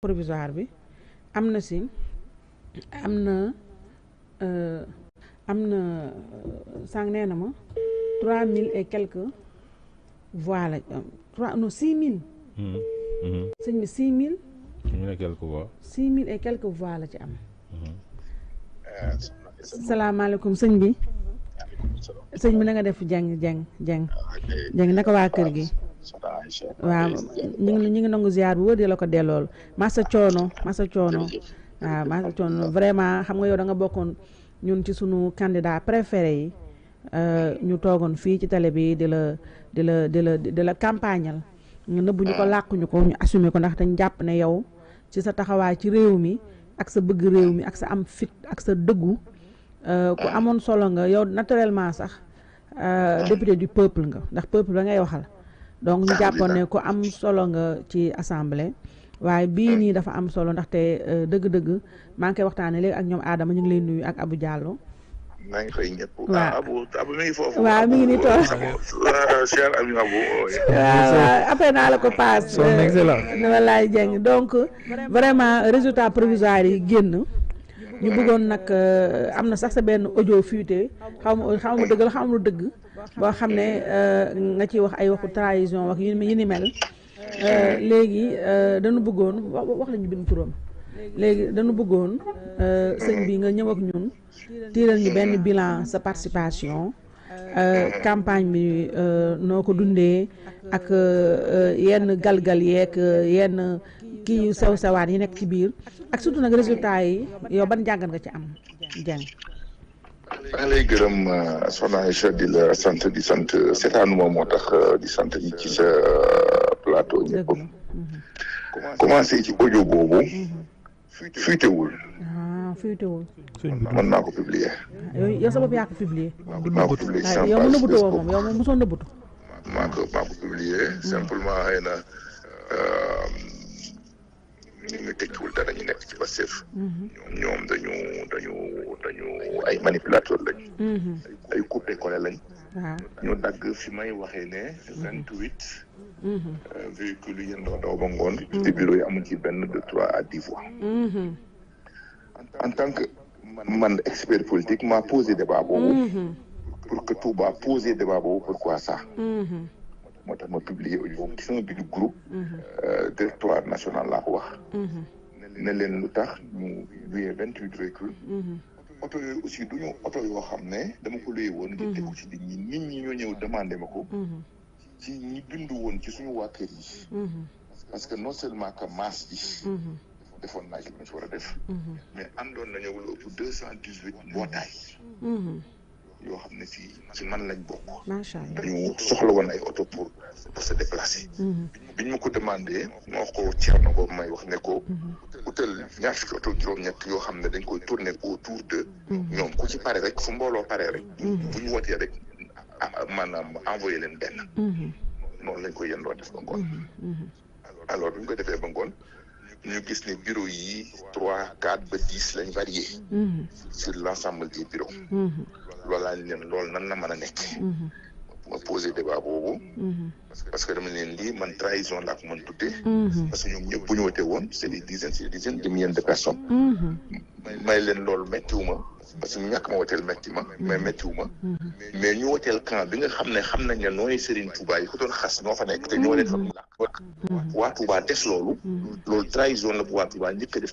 provisoire bi am na si am na euh, am na euh, sànq nee na ma trois mille et quelques voix la euh, trois non six mille hmm. Hmm. sëñ bi six mille six mille mille et quelques voix la ci am hmm. salaamaaleykum sëñ bi sëñ bi na def jàng jàng jàng ah, jàng naka waa kër gi waaw ñu ngi ñu ngi nangu ziar bu wër di la ko dellool masa coono masa coono waaw masa vraiment xam nga yow danga bokkoon ñun ci suñu candidat préféré yi euh, ñu toogoon fii ci télé bi di la di la di la di la campagnal ñu nëbbuñu ko ah. làkkuñu ko ñu assumé ko ndax dañ jàpp ne yow ci sa taxawaay ci réew mi ak sa bëgg réew mi ak sa am fit ak sa dëggu euh, ku ah. amoon solo nga yow naturellement sax euh, député du peuple nga ndax peuple ba ngay waxal donc ñu jàppoon ne ku am solo nga ci assemblée waaye bii nii dafa am solo ndaxte euh, dëgg-dëgg maa ngi koy waxtaanee léegi ak ñoom aadama ñu ngi lay nuyu ak Abou Diallo. maa ngi fay ñëpp. waaw ah, Abu Abu mi ngi foofu. ngi nii toog ah, oh, waaw après naa la ko paas. son euh, excellence. walaay donc vraiment résultat provisoire yi génn. ñu bëggoon nag euh, am na sax sa benn audio fuité xaw ma xaw ma dëgg la xaw ma dëgg boo xam ne euh, nga ciy wax ay waxu trahison wax yi ni mel euh, léegi dañu bëggoon wax lañu bind turam léegi dañu bëggoon sëñ bi nga ñëw ak ñun tiiral ñu benn billan sa participation campagne bi noo ko dundee ak yenn galgal yeek yenn kii yu sew sewaat yi nekk ci biir ak surtout nag résultat yi yow ban jàngat nga ci am jàng maa lay gërëm euh, soxna Aïcha di la sant di sant seetaanu moom moo tax euh, di sant ñi ci sa euh, plateau ñëpp commencé ci audio boobu ah, fuitewul fuitewul mën naa ko publier yow sa bopp yaa ko publier maa ko publier ah, yow mu nëbbutu woo moom yow moom mosoon nëbbutu maa ko maa ko publier hmm. simplement xëy na nit ñu tekkiwul a ñu nekk ci Pastef. Mhm. ñoom ñoom dañu dañu dañu ay manipulateur lañ. Mhm. ay coupé collé lañ. ñu dagg fi waxee ne vingt huit. Mhm. Euh, véhicules yi yëndoo daw ba ngoon. te bureau yi amul ci benn de trois à dix voix. en tant que man expert politique maa posé débat boobu. pour que Touba posé débat boobu pourquoi ça. moo tax ma publier au niveau ci bi du groupe. directoire mhm. euh, national laa wax. Mhm. ne leen lu tax ñu luyee vingt huit véhicules. Mhm. oto yooyu aussi du ñu oto yoo xam ne dama ko luyee woon. ñu tegu ci nit ñi nit ñi ñoo ñëw demandé ma ko. ci ñi bindu woon ci suñu waa kër yi. parce que non seulement que masse bi. defoon naa ci lu ñu war a def. mais àndoon nañu lu ëpp deux cent dix huit mbootaay. yoo xam ne fii ci man lañ bokk. macha allah dañu soxla woon ay oto pour pour se déplacer. Mm-hmm. biñ ma ko demandé ma wax ko Thierno boobu may wax ne ko. Mm-hmm. utal ñaar fukki oto juróom-ñett yoo xam ne dañ koy tourner autour de. Mm-hmm. ñoom ku ci pare rek fu mbooloo paree rek. bu ñu wootee rek maanaam envoyé leen benn. noonu lañ koy yendoo def ba ngoon. alors bi ñu ko defee ba ngoon. ñu gis ne bureau yi trois quatre ba dix lañ varié. sur l' ensemble des loolu laa leen loolu nan la mën a nekk. Mhm. ma posé débat boobu. Mhm. parce que parce que dama leen lii man trahison laa ko mën tuddee. Mhm. parce que ñoom ñëpp bu ñu wootee woon c' est des dizaines c' est de milliers may leen loolu méttiwuma parce que ñàkk ma wooteel métti ma mais mais ñu wooteel camp bi nga xam ne xam nañ ne nooy Serigne Touba yi ko doon xas ñoo fa nekk te ñoo leen fa mu làkk. waa Touba des loolu. loolu trahison la bu waa Touba njëkk a def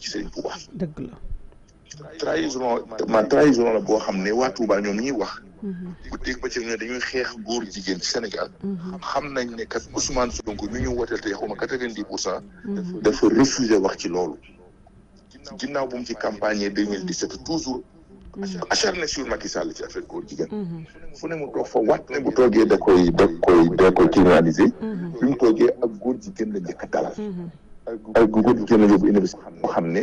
trahison ma trahison la boo xam ne waa Touba ñoom ñuy wax. bu mhm. dégg ba ci ne dañuy xeex góor jigéen ci Sénégal. Mhm. xam nañ ne kat Ousmane ñu ñu wooteel te xaw ma quatre-vingt-dix pour cent. Mhm. dafa refusé wax ci loolu. ginnaaw bu mu ci campagne deux mille dix-sept toujours. acharné sur Macky Sall ci affaire góor jigéen. fu ne mu toog fa waat ne bu toogee da koy da koy da koy criminaliser. bi mu toogee ak góor jigéen la njëkk a dalal. ay gu ko gën a yóbbu université boo xam ne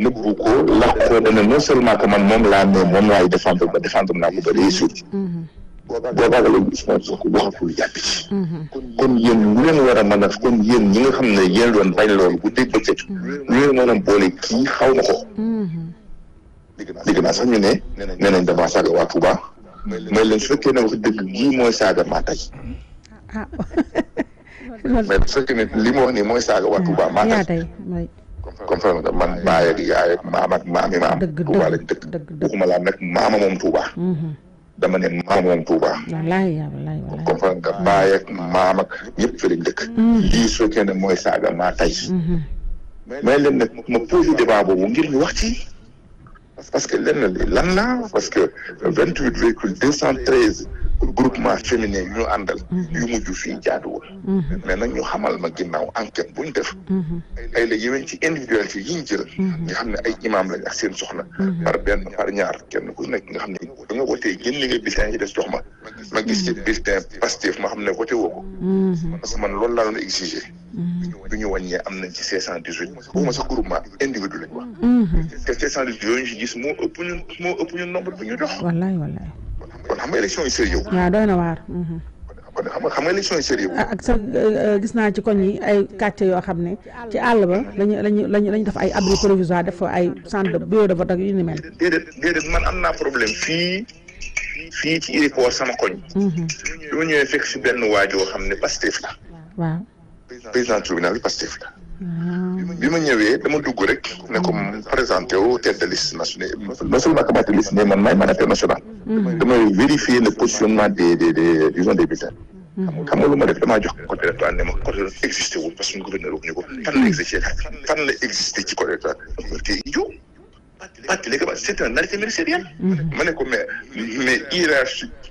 nëbbu ko làq ko dana non seulement que man moom laa ne moom laay défendre ba défendre naa ko ba réussir boobaaga léegi Ousmane Sonko waxatul jàpp ci mm-hmm. kon yéen lu leen war a mën a kon yéen ñi nga xam ne yéen doon bañ loolu bu dégg bëccëg lu leen mën a boole kii xaw na ko mm-hmm. dégg naa sax ñu dëgg gii mooy saaga maa tey ah, ah. mais ce ah, que nit li mu wax nii mooy saaga waa Touba maa yaa tey comprendre nga man baay ak yaay ak maam ak maami maam Touba lañ dëkk waxuma maama moom Touba mhm. dama ne maama moom Touba wallaahi wallaahi nga baay ak maam ak ñëpp fi lañ dëkk mhm. lii saaga maa tey mhm. mais leen nag ma posé débat boobu ngir ñu wax parce que lenn lan la parce que vingt huit véhicules groupement féminin yu ñu àndal mhm. yu mujj fii jaaduwul mhm. mais nag ñu xamal ma ginnaaw enquête buñ def mhm. ay la yéwén ci individualité yi ñu jël nga xam ne ay imam lañ ak seen soxna par benn par ñaar kenn ku nekk nga xam ne da nga wotee génn li jox ma ma gis ci bulletin Pastef ma xam ne wote woo ko parce que man loolu exiger bi ñu wàññee am nañ ci cinq cent dix huit waxuma sax groupement individu lañ wax te cinq cent ñu gis moo ëpp ñu nombre bi ñu jox xam nga élection yi sérieux. waaw doy na waar. Mhm. xam nga élection yi sérieux. Ah, ak sa euh, gis naa ci koñ yi ay quartier yoo xam ne ci àll ba lañu lañu lañu lañu def ay abri provisoire def ay centre de bureau de vote ak yu ni mel. déedéet déedéet man am naa problème fii. fii ci Iripoor sama koñ. bi mhm. ma ñëwee fekk si benn waajoo xam ne Pastef la. waaw bi ma ñëwee dama dugg rek ne comme présenté wu tête de liste nationale non seulement que ma tête man maay man international mm-hmm. damay vérifier le positionnement des des des disons des bulletins mm-hmm. xam nga lu ma def damaa jox code électoral ne ma code wul parce que gouverneur wuñu ko fan la existé ci code mm-hmm. ma ne ko mais mais hiérarchique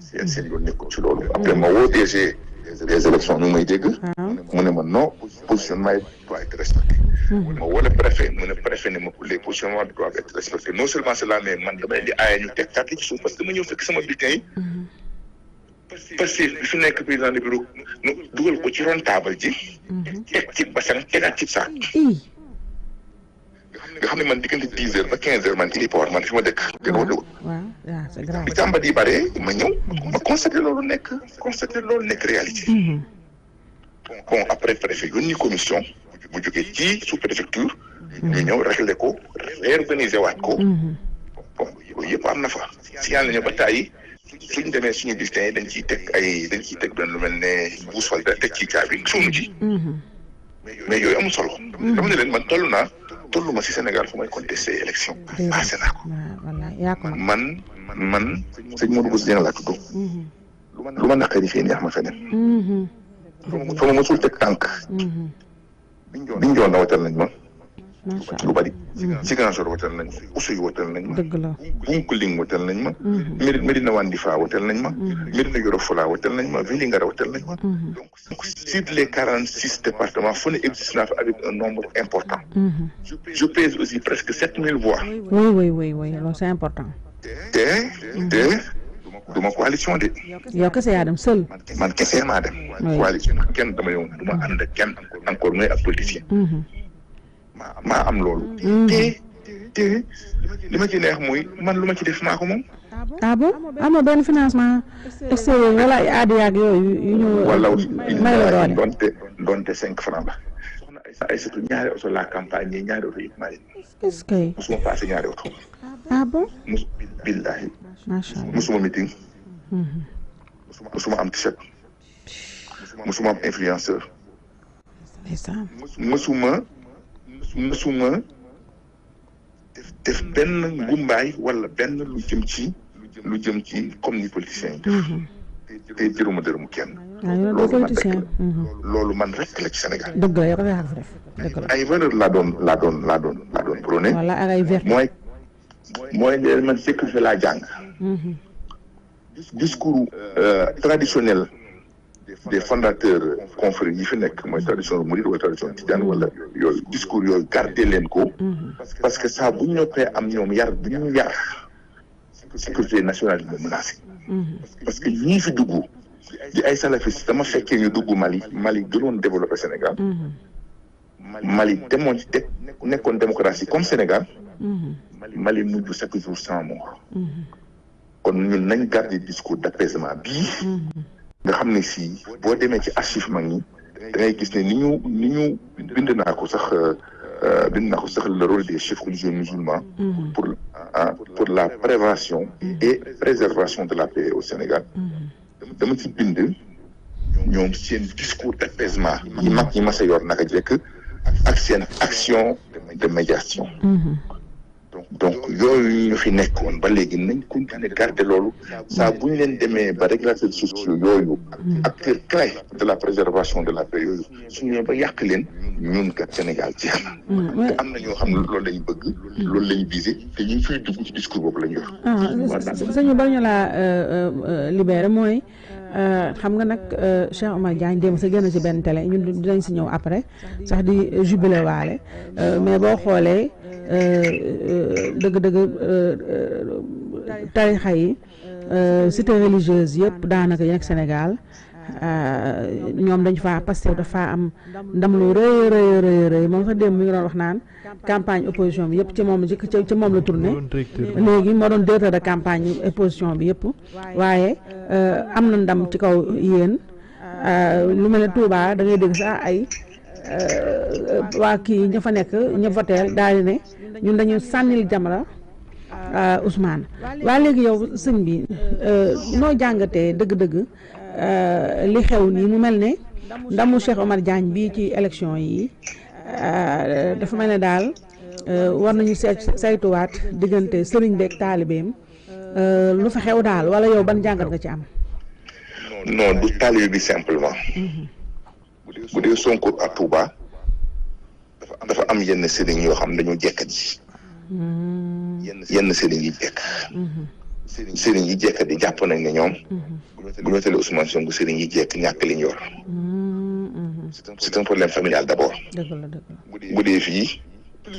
seen yoon nekkul ci loolu après ma woo DG des élections ñu ngi may dégg mu ne ma non positionnement yi doit être respecté ma wala préfet mu ne préfet ne ma les positionnements doivent être respectés non seulement cela o man dama leen di aaye ñu teg carte o ci suuf parce que dama ñëw fekk se o yi parce que bi fi nekk président de bureau nu dugal ko ci ron table ji teg ci basan tegaat ci saak nga xam ne man diggante dix heures ba quinze heures man héliport man fi ma dëkk. waaw waaw waaw c'est grave. bi jàmbat yi bare ma ñëw. ma mhm. constaté loolu nekk constaté loolu nekk réalité. bon mhm. après préfet yónni commission. bu jógee ci sous préfecture. Mhm. ñu ñëw réglé ko réorganisé waat ko. bon yooyu yëpp am na fa. si yàlla nañu ba tàyyi suñ demee suñu bulletin dañ ciy teg ay dañ ciy teg benn lu mel ne buus wala teg ci caabi suñu ji. mais yooyu amul solo. dama ne leen man toll naa. toll ma si Sénégal fu may contesté élection. passé naa ko. man man sëñ Modou Bousso Dieng laa tudd. Mhm. lu ma naqari fii neex ma feneen. Mhm. fa ma mosul teg tànk. Mhm. biñ joon na watal nañ ma. C'est mm. mm. mm. les 46 départements avec un nombre important je pèse aussi presque 7000 voix oui oui oui oui c'est important Et, coalition c'est seul encore maa maa am loolu. Mm-hmm. Mm-hmm. te te li ma ci neex mooy man lu ma ci def maa ko moom. ah bon amoo benn financement extérieur wala ay aada ak yooyu yu ñu. wala may la donte cinq francs la. ay surtout ñaari oto la campagne yi ñaari oto yëpp maa leen. est ñaari oto. ah am t-shirt. am influenceur. musuma. mësuma def def hmm. benn gumbaay wala ben lu jëm ci lu jëm ci comme ni politicien té def mhm. te jëruma kenn ah, ah, mhm. loolu man rek la ci Sénégal deug la yox yaa def la ay valeur la don la don la don la don prôné wala ay vert moy moy man sécurité laa jàng mhm. discours euh, traditionnel des fondateurs confréries yi fi nekk mooy tradition mouride wala tradition tijaan wala yooyu discours yooyu garder leen ko parce que saa bu ñu noppee am ñoom yar bu ñu yar sécurité nationale bi menacé parce que ñii fi dugg di ay salafis dama fekkee ñu dugg Mali Mali gënoon développé Sénégal Mali demoon ci teg nekkoon démocratie comme Sénégal Mali mujj chaque jour kon ñun nañ garder discours d' bii nga xamné si, bo démé ci archive magni da ngay gis né niñu niñu ni bind naa ko sax euh, bind ko sax le rôle des chefs religieux musulmans mhm. pour ah, pour la prévention mhm. et préservation de la paix au Sénégal mhm. dama ci bind ñoom seen discours d'apaisement yi mag ñi mas a yor naka jekk ak seen action de médiation donc yooyu ñu fi nekkoon ba léegi nañ continuer garder loolu saa bu ñu leen demee ba régulateurs sociaux yooyu acteurs clés de la préservation de la paix yooyu suñu ñëwee ba yàq leen ñun kat Sénégal jeex na te am na ñoo xam ne loolu lañ bëgg loolu lañ visé te ñu ngi fiy dugg ci discours boobu lañ yor sañu bañu la libéré mooy Euh, xam nga nag euh, Cheikh Omar Diagne démb sa génn ci benn télé ñun dañ si ñëw après sax di jubilé waale euh, mais boo xoolee dëgg-dëgg tarixa yi cité religieuse yëpp daanaka yi nekk Sénégal Euh, ñoom dañ faa Pastef dafa am ndam lu rëy rëy rëy rëy moom sax démb mi ngi doon wax naan campagne opposition bi yëpp ci moom jëkk ci moom la tourné léegi moo doon directeur de campagne opposition bi yëpp waaye euh, am na ndam ci kaw yéen euh, lu mel ne Touba da dégg sax ay waa kii ña fa nekk ña voteel daal di ne ñun dañuy sànnil Jamra Ousmane waa léegi yow sëñ bi noo jàngatee dëgg-dëgg Euh, li xew nii mu mel ne ndamu Cheikh Omar Diagne bii ci élection yi euh, dafa mel ne daal euh, war nañu saytuwaat diggante sëriñ beeg taalibeem lu fa xew daal wala yow ban jàngat nga ci am. non du taalibe bi simplement. bu dee Sonko ak Touba dafa am yenn sëriñ yoo xam dañoo jekkat yi hmm. yenn sëriñ yi jekk. Hmm. sëriñ yi jekk di jàpp nañ ne ñoom. bu mm-hmm. ñu Ousmane Sonko sëriñ yi jekk ñàkk liñ yor. Mm-hmm. c'est un problème familial d'abord. bu dee fii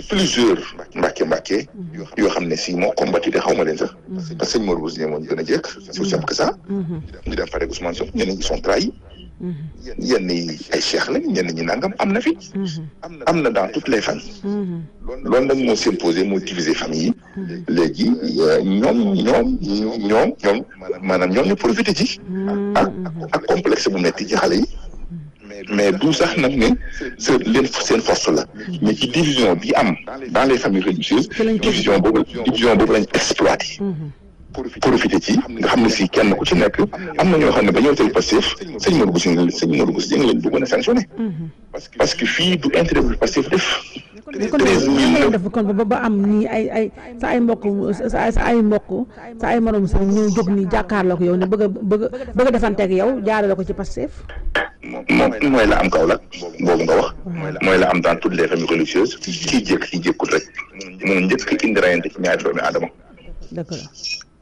plusieurs mbàkke mbàkke mm-hmm. yoo xam ne si moo combattu de xaw ma leen sax. parce que sëñ Mor Bousso ñëwoon gën a jekk. c'est aussi simple que ça. ñu dem pare Ousmane Sonko ñeneen ñi sont trahis. yenn yi ay cheikh lañ ñi nangam am na fi. Mm-hmm. am na dans tout les familles. Mm-hmm. loolu nag moo s'imposé moo diviser famille yi. Mm-hmm. léegi euh, ñoom ñoom ñoom ñoom maanaam ñoom ñu profité ci. ak ak complexe bu metti ci xale yi. mais du sax nag ne seen leen seen force la mais ci division bi am dans les familles religieuses division boobu division boobu lañ exploité. profité ci nga xam ne si kenn ku ci nekk am na ñoo xam ne ba ñëw tey Pastef sëñ Modou Bousso Dieng sëñ Modou Bousso Dieng lañ bëggoon a sanctionné parce que fii du intérêt bu Pastef def treize mille def kon ba ba am nii ay ay sa ay mbokk sa ay mbokk sa ay morom sax ñu jóg ni jàkkaarloo ko yow ne bëgg a bëgg bëgg a defante ak yow jaarale ko ci Pastef moom mooy la am Kaolack boobu nga wax mooy la am dans toutes les familles religieuses kii jékk kii jékkul rek mun njëkk indi rayante ci ñaari doomi aadama d'accord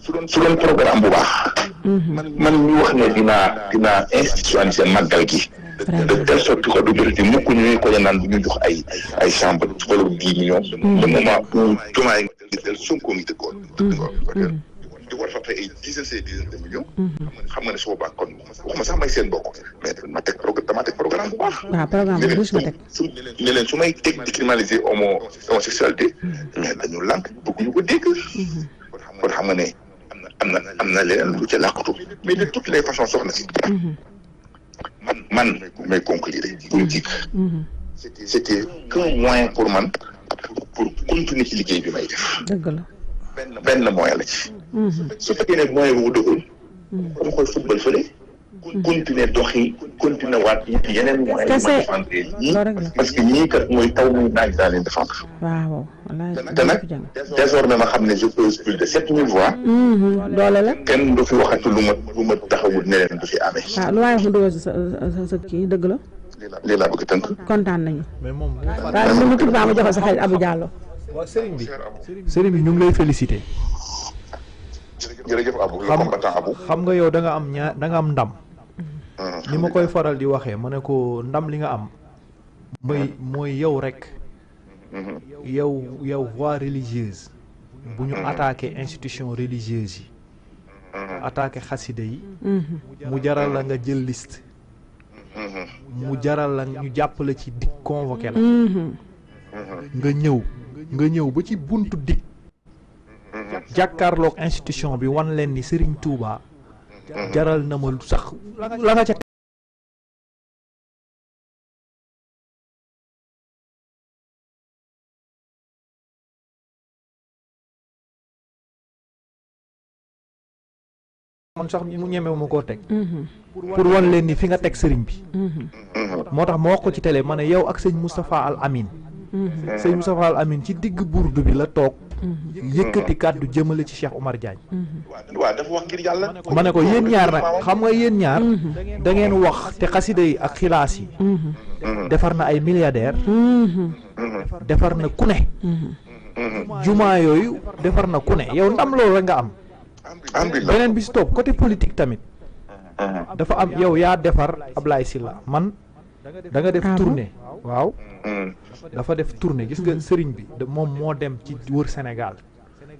su doon su doon programme bu baax. Mhm. man man ñu wax ne dinaa dinaa institutionnaliser màggal gi. de telle sorte que du bëri mukk ñu ngi ko naan du ñu jox ay ay chambre wala dix millions. le mhm. moment où Diomaye nga jël Sonko ngi dëkkoon. Mhm. di war fa fay ay dizaines et dizaines de millions. xam nga ne su boobaa kon waxuma sax may seen bokk mais ma teg pro dama teg programme dañu lànk bëgguñu ko dégg. kon xam ne. am na am na leneen lu mais de toutes les façons soxna si man man may conclure politique c'était quand moins pour man pour continuer ci liggéey bi may def dëgg la benn benn moyen la ci mhm. su fekkee ne moyen boobu dëggul mhm. dama koy football fële continuer doxi continuer waat yeneen mooy ma parce que ñii kat mooy taw muy naaj daa leen défendre waaw te nag désormais ma xam ne je pèse de sept mille voix doole la kenn du fi waxatu lu ma lu ma du fi amee waaw lu waaye wax dëgg sa kii dëgg la lii laa bëgg tënk kontaan nañu waaw mu tudd baa ma joxe sa xel Abou Diallo waaw sëriñ bi sëriñ bi ñu ngi lay félicité jërëjëf Abou le combattant Abou xam nga yow da nga am ñaar da nga am ndam li ma koy faral di waxee ma ne ko ndam li nga am. mooy mm-hmm. mooy yow rekk mm-hmm. yow yow voix religieuse. bu ñu mm-hmm. attaqué institution religieuse yi. attaqué xaside yi. mu jaral la nga jël list mu jaral la ñu jàppale ci dig convoqué nga ñëw nga ñëw ba ci buntu dig. jàkkaarloog institution bi wan leen ni Serigne Touba. jaral na mo sax la nga ca man sax mu ñëmé mu ko tek mm-hmm. pour won leen ni fi nga tek serigne bi mm-hmm. mm-hmm. motax tax ko ci télé mané yow ak serigne mustapha Al Amin serigne mustapha Al Amin ci digg bourdou bi la tok jika mm-hmm. kàddu jëmale ci Cheikh Omar Diagne. mana mm-hmm. kau wax ngir kamu ma ne ko yéen ñaar nag xam nga yéen ñaar. Mm-hmm. da ngeen wax te xasida yi ak xilaas yi. defar na ay milliardaires. defar na ku ne. defar na ku ne yow ndam loolu nga am. beneen bi côté politique tamit. dafa am yow yaa defar Ablaye Sylla man. da nga def tournée waaw mm. dafa def tournée gis nga sëriñ bi moom moo dem ci wër Sénégal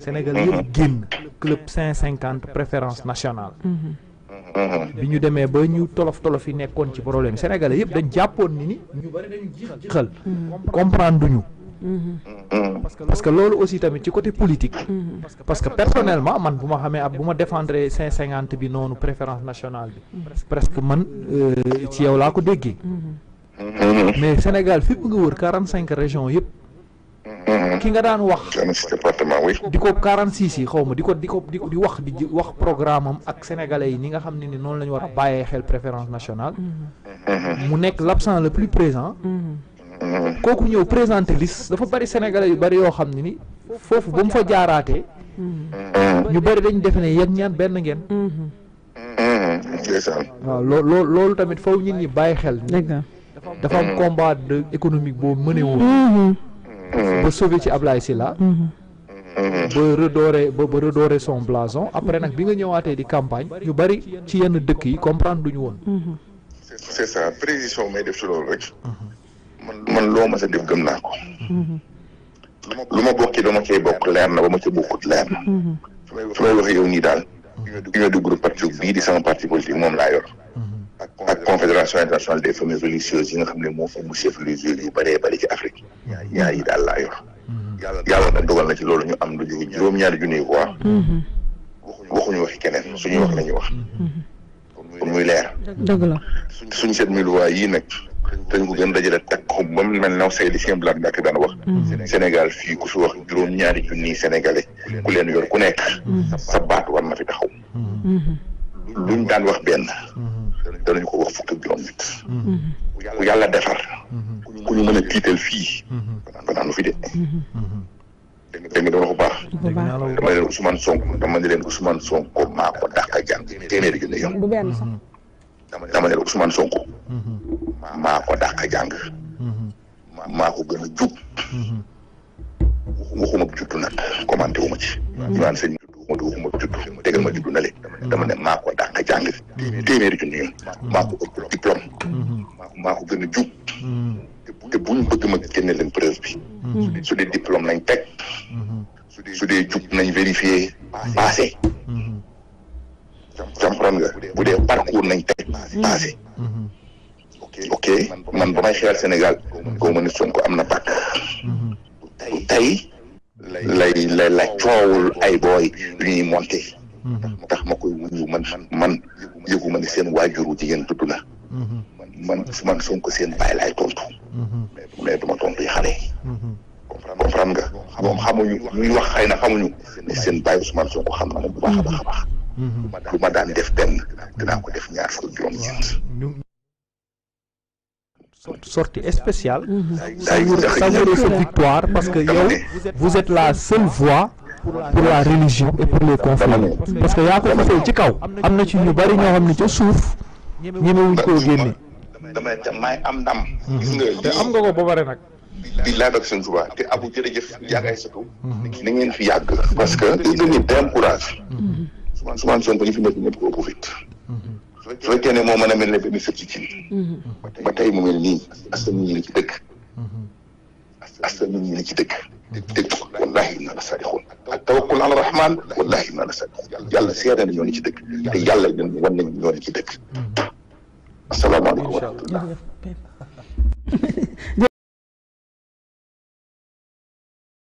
Sénégal mm-hmm. yëpp génn club cent cinquante préférence nationale mm-hmm. bi ñu demee ba ñu tolof tolof yi nekkoon ci problème sénégalais yëpp dañ jàppoon ni ni ñu bari Mm-hmm. Mm-hmm. parce que loolu aussi tamit ci côté politique. Mm-hmm. parce que personnellement man bu ma xamee ab bu ma défendre cinq cinquante bi noonu préférence nationale bi. presque man euh, ci yow laa ko déggee. mais Sénégal fépp nga wër quarante cinq région yëpp. ki nga daan wax. di ko quarante six yi xaw ma di ko di ko di wax di wax programme am ak sénégalais yi ni nga xam ne ni noonu lañu war a bàyyee xel préférence nationale. mu nekk l'absent le plus présent. kooku ñëw présenté liste dafa bari sénégalais yu bari yoo xam ne ni foofu ba mu fa jaaraatee. ñu bari dañ defe ne yéen ñaan benn ngeen. waaw loo loo loolu tamit foofu nit ñi bàyyi xel. dafa am combat de économique boo mënee woon. Mm-hmm. ba sauvé ci Ablaye Sylla. Mm-hmm. ba redorer ba ba redorer son blason après nag bi nga ñëwaatee di campagne ñu bari ci yenn dëkk yi comprendre duñu woon. Mm-hmm. c'est ça précision may def ci loolu rek. man man loo ma sa def gëm naa ko. Mm-hmm. lu ma bokki dama cay bokk leer na ba ma ca bokkut leer na. Mm-hmm. su may waxee yow nii daal. union du groupe parti bii di sama parti politique moom laa yor. Mm-hmm. ak confédération internationale des familles religieuses yi nga xam ne moo fa mu chef religieux yu bëree bëri ci Afrique. ñaar yi daal laa yor. yàlla na dogal na ci loolu ñu am lu jóge juróom-ñaari junniy voix. waxuñu waxi keneen suñuy wax la wax. muy leer. dëgg la suñ seet mille voix yii nag. dañ ko gën dajale takk ko ba mu mel naw say li sien blaat Mbàkke daan wax mm-hmm. Sénégal fii ku fi wax juróom ñaari junni sénégalais mm-hmm. ku leen yor ku nekk mm-hmm. sa baat war na fi taxaw luñ daan wax benn danañu ko wax fukk ak juróom nit ku yàlla defar ku ñu mën a tiital fii banaan nu fi baax dégg nga dama ko baax dama leen Ousmane Sonko dama ne leen Ousmane Sonko maa ko dàq jàng téeméeri junni yoon dama ne la Ousmane Sonko. Mhm. maa ko dàq jàng. Mhm. maa ko gën a jub. Mhm. waxuma nag commenté wu ma ci. ñu naan sëñ ma du waxuma juddu déggal ma juddu na ne maa a te buñ bëgg ma génne leen preuve bi. su dee diplôme nañ teg. su dee jub nañ vérifié. passé. comprendre nga bu dee parcours nañ teg hmm. passé hmm. ok man ba may xeexal Sénégal goo ma ni Sonko am na pàkk hmm. tey lay lay la coowul ay booy lu ñuy monté tax ma koy wuyu man man yëgu ma ne seen waajuru jigéen tudd na man man Sonko seen bàyyi laay tontu mais duma tontu yi xale comprendre nga moom xamuñu wax xëy na xamuñu ne seen bàyyi Ousmane Sonko xam na ne baax a baax a Mm-hmm. lu ma daan def benn dinaa ko def ñaar mm-hmm. victoire parce que yow la seule voix parce que yaa ko fasee ci kaw am na ci ñu bari ñoo xam ne ca suuf ñemewuñ koo génne am ndam mm-hmm. gis nga te parce que Ousmane Sonko ñu fi nekk ñëpp ko profite su fekkee ne moo mën a mel ne benn septicine ba tey mu mel nii askan ñi ne ci dëkk askan ñi ne ci dëkk dëgg wallahi inna la saadixoon ak tawakkul ala rahman wallahi inna la saadixoon yàlla seede na ñoo ne ci dëkk te yàlla dañ wan nañ ñoo ne ci dëkk asalaamaaleykum wa rahmatullah